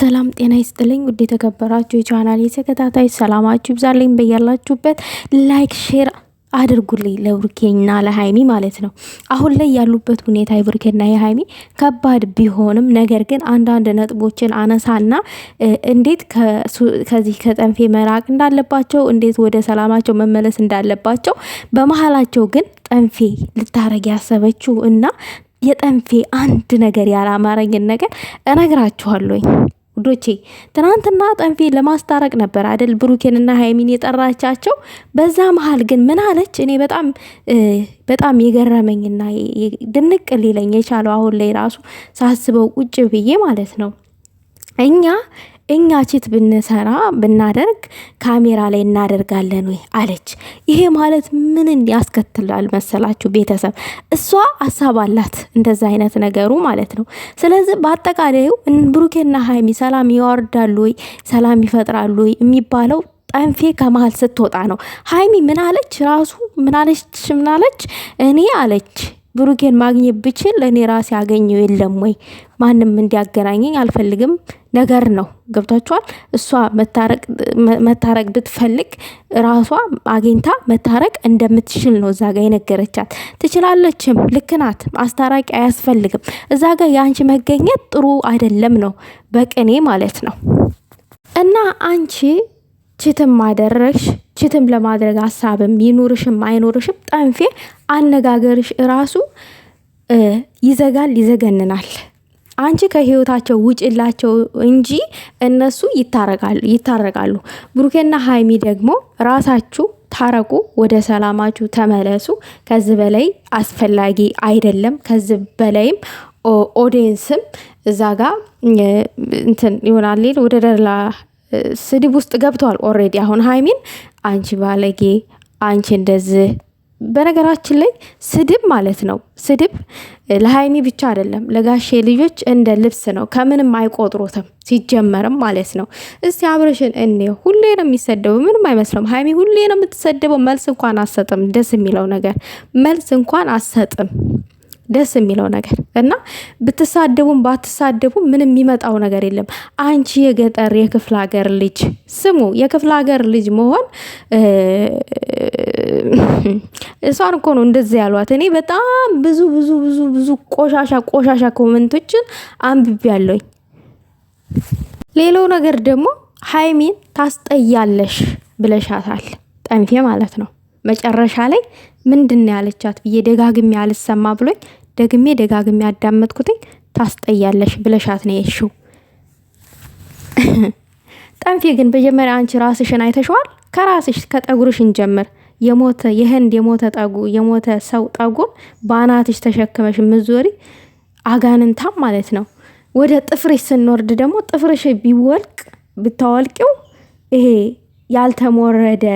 ሰላም ጤና ይስጥልኝ። ውድ የተከበራችሁ የቻናል የተከታታይ ሰላማችሁ ይብዛልኝ። በያላችሁበት ላይክ፣ ሼር አድርጉልኝ ለብሩኬና ለሃይሚ ማለት ነው። አሁን ላይ ያሉበት ሁኔታ የብሩኬና የሃይሚ ከባድ ቢሆንም ነገር ግን አንዳንድ ነጥቦችን አነሳና እንዴት ከዚህ ከጠንፌ መራቅ እንዳለባቸው፣ እንዴት ወደ ሰላማቸው መመለስ እንዳለባቸው በመሀላቸው ግን ጠንፌ ልታረግ ያሰበችው እና የጠንፌ አንድ ነገር ያላማረኝን ነገር እነግራችኋለሁኝ። ውዶቼ ትናንትና ጠንፌ ለማስታረቅ ነበር አደል ብሩኬንና ሀይሚን የጠራቻቸው። በዛ መሀል ግን ምን አለች? እኔ በጣም በጣም የገረመኝና ድንቅ ሊለኝ የቻለው አሁን ላይ ራሱ ሳስበው ቁጭ ብዬ ማለት ነው እኛ እኛ ቺት ብንሰራ ብናደርግ ካሜራ ላይ እናደርጋለን ወይ አለች። ይሄ ማለት ምንን ያስከትላል መሰላችሁ? ቤተሰብ እሷ አሳባላት አላት እንደዛ አይነት ነገሩ ማለት ነው። ስለዚህ በአጠቃላዩ ብሩኬና ሀይሚ ሰላም ይወርዳሉ ወይ ሰላም ይፈጥራሉ ወይ የሚባለው ጠንፌ ከመሀል ስትወጣ ነው። ሀይሚ ምናለች ራሱ ምናለች ምናለች እኔ አለች ብሩኬን ማግኘት ብችል እኔ ራሴ ያገኘው የለም ወይ? ማንም እንዲያገናኘኝ አልፈልግም ነገር ነው። ገብቷችኋል? እሷ መታረቅ ብትፈልግ ራሷ አግኝታ መታረቅ እንደምትችል ነው እዛ ጋ የነገረቻት። ትችላለችም፣ ልክ ናት። አስታራቂ አያስፈልግም። እዛ ጋ የአንቺ መገኘት ጥሩ አይደለም ነው በቅኔ ማለት ነው። እና አንቺ ችትም ማደረሽ ችትም ለማድረግ ሀሳብም ይኑርሽም አይኑርሽም ጠንፌ አነጋገርሽ ራሱ ይዘጋል፣ ይዘገንናል። አንቺ ከህይወታቸው ውጭላቸው እንጂ እነሱ ይታረቃሉ ይታረቃሉ። ብሩኬና ሀይሚ ደግሞ ራሳችሁ ታረቁ፣ ወደ ሰላማችሁ ተመለሱ። ከዚ በላይ አስፈላጊ አይደለም። ከዚ በላይም ኦዲየንስም እዛ ጋ እንትን ይሆናል ወደ ደላ ስድብ ውስጥ ገብተዋል ኦሬዲ አሁን ሀይሚን አንቺ ባለጌ አንቺ እንደዚህ በነገራችን ላይ ስድብ ማለት ነው። ስድብ ለሀይሚ ብቻ አይደለም፣ ለጋሼ ልጆች እንደ ልብስ ነው። ከምንም አይቆጥሩትም ሲጀመርም ማለት ነው። እስቲ አብረሽን እኔ ሁሌ ነው የሚሰደበው፣ ምንም አይመስለም። ሀይሚ ሁሌ ነው የምትሰደበው፣ መልስ እንኳን አሰጥም። ደስ የሚለው ነገር መልስ እንኳን አሰጥም። ደስ የሚለው ነገር እና ብትሳደቡም ባትሳደቡም ምንም የሚመጣው ነገር የለም። አንቺ የገጠር የክፍለ ሀገር ልጅ ስሙ፣ የክፍለ ሀገር ልጅ መሆን እሷን እኮ ነው እንደዚህ ያሏት። እኔ በጣም ብዙ ብዙ ብዙ ብዙ ቆሻሻ ቆሻሻ ኮመንቶችን አንብቤ ያለኝ። ሌላው ነገር ደግሞ ሀይሚን ታስጠያለሽ ብለሻታል፣ ጠንፌ ማለት ነው። መጨረሻ ላይ ምንድን ያለቻት ብዬ ደጋግሜ አልሰማ ብሎኝ ደግሜ ደጋግሜ ያዳመጥኩትኝ ታስጠያለሽ ብለሻት ነው የሽው። ጠንፌ ግን መጀመሪያ አንቺ ራስሽን አይተሸዋል። ከራስሽ ከጠጉርሽ እንጀምር። የሞተ የህንድ የሞተ ጠጉ የሞተ ሰው ጠጉር በአናትሽ ተሸክመሽ ምዞሪ አጋንንታም ማለት ነው። ወደ ጥፍርሽ ስንወርድ ደግሞ ጥፍርሽ ቢወልቅ ብታወልቂው ይሄ ያልተሞረደ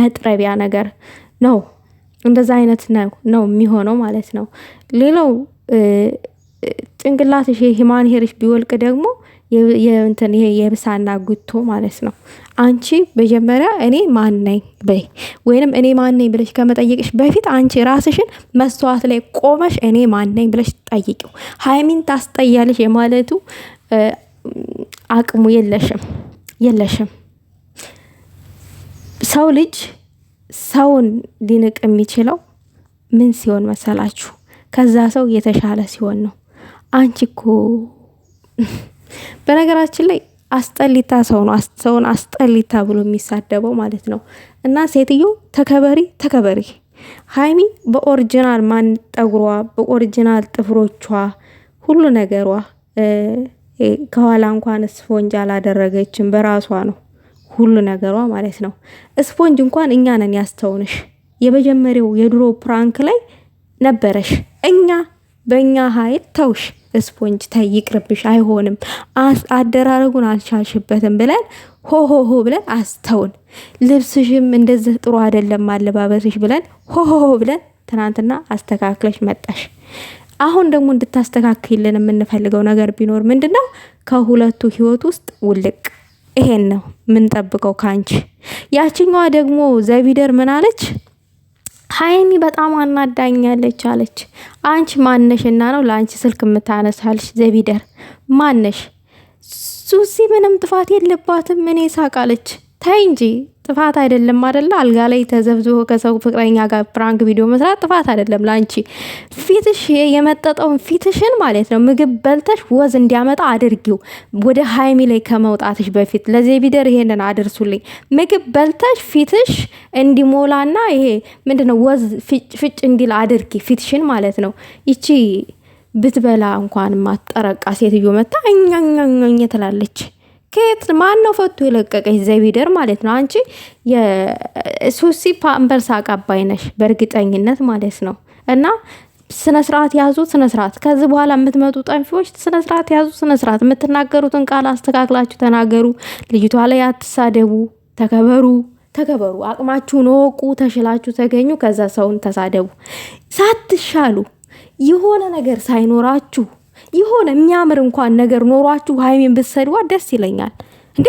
መጥረቢያ ነገር ነው። እንደዛ አይነት ነው የሚሆነው ማለት ነው። ሌላው ጭንቅላትሽ ሂማን ሄርሽ ቢወልቅ ደግሞ የእንትን ይሄ የብሳና ጉቶ ማለት ነው። አንቺ መጀመሪያ እኔ ማን ነኝ በይ፣ ወይንም እኔ ማን ነኝ ብለሽ ከመጠየቅሽ በፊት አንቺ ራስሽን መስተዋት ላይ ቆመሽ እኔ ማን ነኝ ብለሽ ጠይቂው። ሀይሚን ታስጠያለሽ የማለቱ አቅሙ የለሽም የለሽም። ሰው ልጅ ሰውን ሊንቅ የሚችለው ምን ሲሆን መሰላችሁ? ከዛ ሰው የተሻለ ሲሆን ነው። አንቺ እኮ በነገራችን ላይ አስጠሊታ ሰው ነው ሰውን አስጠሊታ ብሎ የሚሳደበው ማለት ነው። እና ሴትዮ ተከበሪ ተከበሪ። ሀይሚ በኦሪጂናል ማን ጠጉሯ፣ በኦሪጂናል ጥፍሮቿ፣ ሁሉ ነገሯ ከኋላ እንኳን ስፖንጅ አላደረገችም። በራሷ ነው ሁሉ ነገሯ ማለት ነው። ስፖንጅ እንኳን እኛ ነን ያስተውንሽ። የመጀመሪያው የድሮ ፕራንክ ላይ ነበረሽ። እኛ በእኛ ሀይል ተውሽ። ስፖንጅ ተይ ይቅርብሽ፣ አይሆንም፣ አደራረጉን አልቻልሽበትም ብለን ሆሆሆ ብለን አስተውን። ልብስሽም እንደዚህ ጥሩ አይደለም አለባበስሽ ብለን ሆሆሆ ብለን ትናንትና አስተካክለሽ መጣሽ። አሁን ደግሞ እንድታስተካክልን የምንፈልገው ነገር ቢኖር ምንድን ነው? ከሁለቱ ህይወት ውስጥ ውልቅ። ይሄን ነው ምንጠብቀው ካንቺ። ያችኛዋ ደግሞ ዘቢደር ምን አለች? ሀይሚ በጣም አናዳኛለች አለች። አንቺ ማነሽና ነው ለአንቺ ስልክ የምታነሳልሽ? ዘቢደር ማነሽ? ሱሲ ምንም ጥፋት የለባትም እኔ ሳቃለች። ታይ እንጂ ጥፋት አይደለም አደለ? አልጋ ላይ ተዘብዝቦ ከሰው ፍቅረኛ ጋር ፕራንክ ቪዲዮ መስራት ጥፋት አይደለም ለአንቺ። ፊትሽ የመጠጠውን ፊትሽን ማለት ነው ምግብ በልተሽ ወዝ እንዲያመጣ አድርጊው፣ ወደ ሀይሚ ላይ ከመውጣትሽ በፊት ለዚህ ቢደር ይሄንን አድርሱልኝ። ምግብ በልተሽ ፊትሽ እንዲሞላና ይሄ ምንድነው ወዝ ፍጭ እንዲል አድርጊ፣ ፊትሽን ማለት ነው ይቺ ብትበላ እንኳን ማጠረቃ ሴትዮ መታ እኛኛኛ ትላለች። ከየት ማን ነው ፈቶ የለቀቀች? ዘቢደር ማለት ነው። አንቺ ሱሲ ፓምፐርስ አቃባይ ነሽ በእርግጠኝነት ማለት ነው። እና ስነ ስርዓት ያዙ፣ ስነ ስርዓት። ከዚህ በኋላ የምትመጡ ጠንፊዎች ስነ ስርዓት ያዙ፣ ስነ ስርዓት። የምትናገሩትን ቃል አስተካክላችሁ ተናገሩ። ልጅቷ ላይ አትሳደቡ፣ ተከበሩ ተከበሩ አቅማችሁን ወቁ። ተሽላችሁ ተገኙ፣ ከዛ ሰውን ተሳደቡ። ሳትሻሉ የሆነ ነገር ሳይኖራችሁ የሆነ የሚያምር እንኳን ነገር ኖሯችሁ ሀይሜን ብትሰድዋ ደስ ይለኛል እንዴ።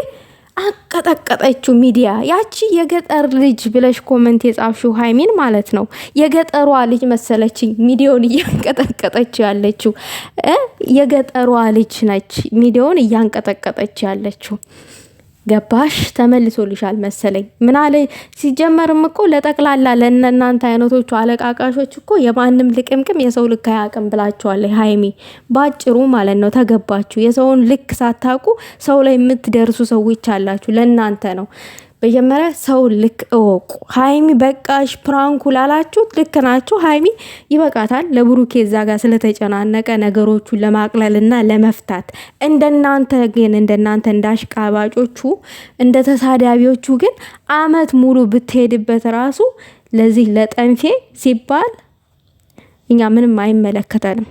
አቀጠቀጠችው ሚዲያ ያቺ የገጠር ልጅ ብለሽ ኮመንት የጻፍሽው ሀይሜን ማለት ነው። የገጠሯ ልጅ መሰለችኝ ሚዲያውን እያንቀጠቀጠችው ያለችው የገጠሯ ልጅ ነች ሚዲያውን እያንቀጠቀጠችው ያለችው። ገባሽ ተመልሶልሻል መሰለኝ። ምን አለ ሲጀመርም እኮ ለጠቅላላ ለእነናንተ አይነቶቹ አለቃቃሾች እኮ የማንም ልቅምቅም የሰው ልክ አያቅም ብላችኋል ሀይሚ። ባጭሩ ማለት ነው ተገባችሁ። የሰውን ልክ ሳታውቁ ሰው ላይ የምትደርሱ ሰዎች አላችሁ። ለእናንተ ነው መጀመሪያ ሰው ልክ እወቁ። ሀይሚ በቃሽ ፕራንኩ ላላችሁ ልክ ናችሁ። ሀይሚ ይበቃታል። ለብሩኬ እዛ ጋር ስለተጨናነቀ ነገሮቹን ለማቅለልና ለመፍታት እንደናንተ ግን እንደናንተ እንዳሽቃባጮቹ እንደ ተሳዳቢዎቹ ግን አመት ሙሉ ብትሄድበት ራሱ ለዚህ ለጠንፌ ሲባል እኛ ምንም አይመለከተንም።